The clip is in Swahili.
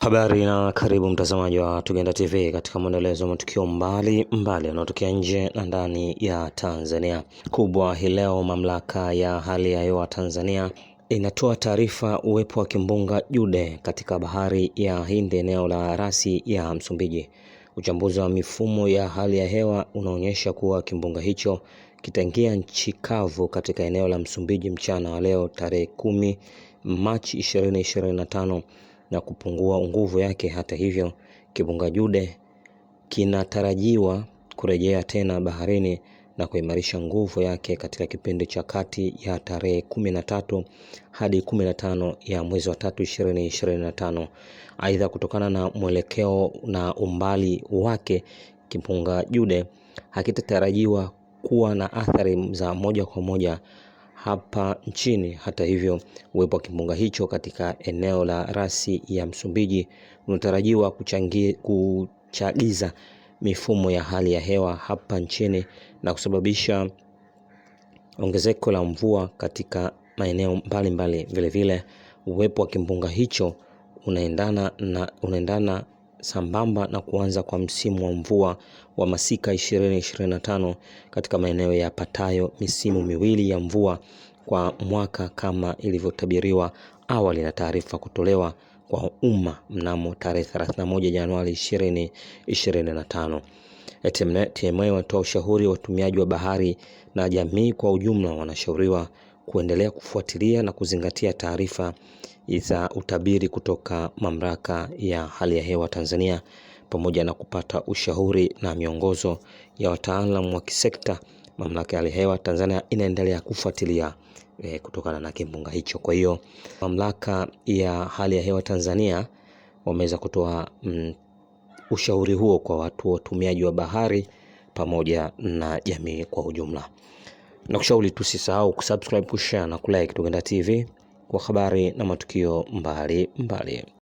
Habari na karibu mtazamaji wa Tugenda TV katika mwendelezo wa matukio mbali mbali yanayotokea nje na ndani ya Tanzania. Kubwa hii leo, mamlaka ya hali ya hewa Tanzania inatoa taarifa uwepo wa kimbunga Jude katika bahari ya Hindi eneo la rasi ya Msumbiji. Uchambuzi wa mifumo ya hali ya hewa unaonyesha kuwa kimbunga hicho kitaingia nchi kavu katika eneo la Msumbiji mchana wa leo tarehe kumi Machi 2025 na kupungua nguvu yake. Hata hivyo, kibunga Jude kinatarajiwa kurejea tena baharini na kuimarisha nguvu yake katika kipindi cha kati ya tarehe 13 hadi 15 ya mwezi wa tatu 2025. Aidha, kutokana na mwelekeo na umbali wake, kibunga Jude hakitatarajiwa kuwa na athari za moja kwa moja hapa nchini. Hata hivyo, uwepo wa kimbunga hicho katika eneo la rasi ya Msumbiji unatarajiwa kuchagiza mifumo ya hali ya hewa hapa nchini na kusababisha ongezeko la mvua katika maeneo mbalimbali. Vilevile, uwepo wa kimbunga hicho unaendana na unaendana sambamba na kuanza kwa msimu wa mvua wa masika 2025 katika maeneo yapatayo misimu miwili ya mvua kwa mwaka kama ilivyotabiriwa awali na taarifa kutolewa kwa umma mnamo tarehe 31 Januari 2025. TMA wanatoa ushauri watumiaji wa bahari na jamii kwa ujumla wanashauriwa kuendelea kufuatilia na kuzingatia taarifa za utabiri kutoka Mamlaka ya Hali ya Hewa Tanzania pamoja na kupata ushauri na miongozo ya wataalamu wa kisekta. Mamlaka ya Hali ya Hewa Tanzania inaendelea kufuatilia e, kutokana na kimbunga hicho. Kwa hiyo Mamlaka ya Hali ya Hewa Tanzania wameweza kutoa mm, ushauri huo kwa watu watumiaji wa bahari pamoja na jamii kwa ujumla na kushauri tusisahau kusubscribe, kushare na kulike Tugenda TV kwa habari na matukio mbali mbali.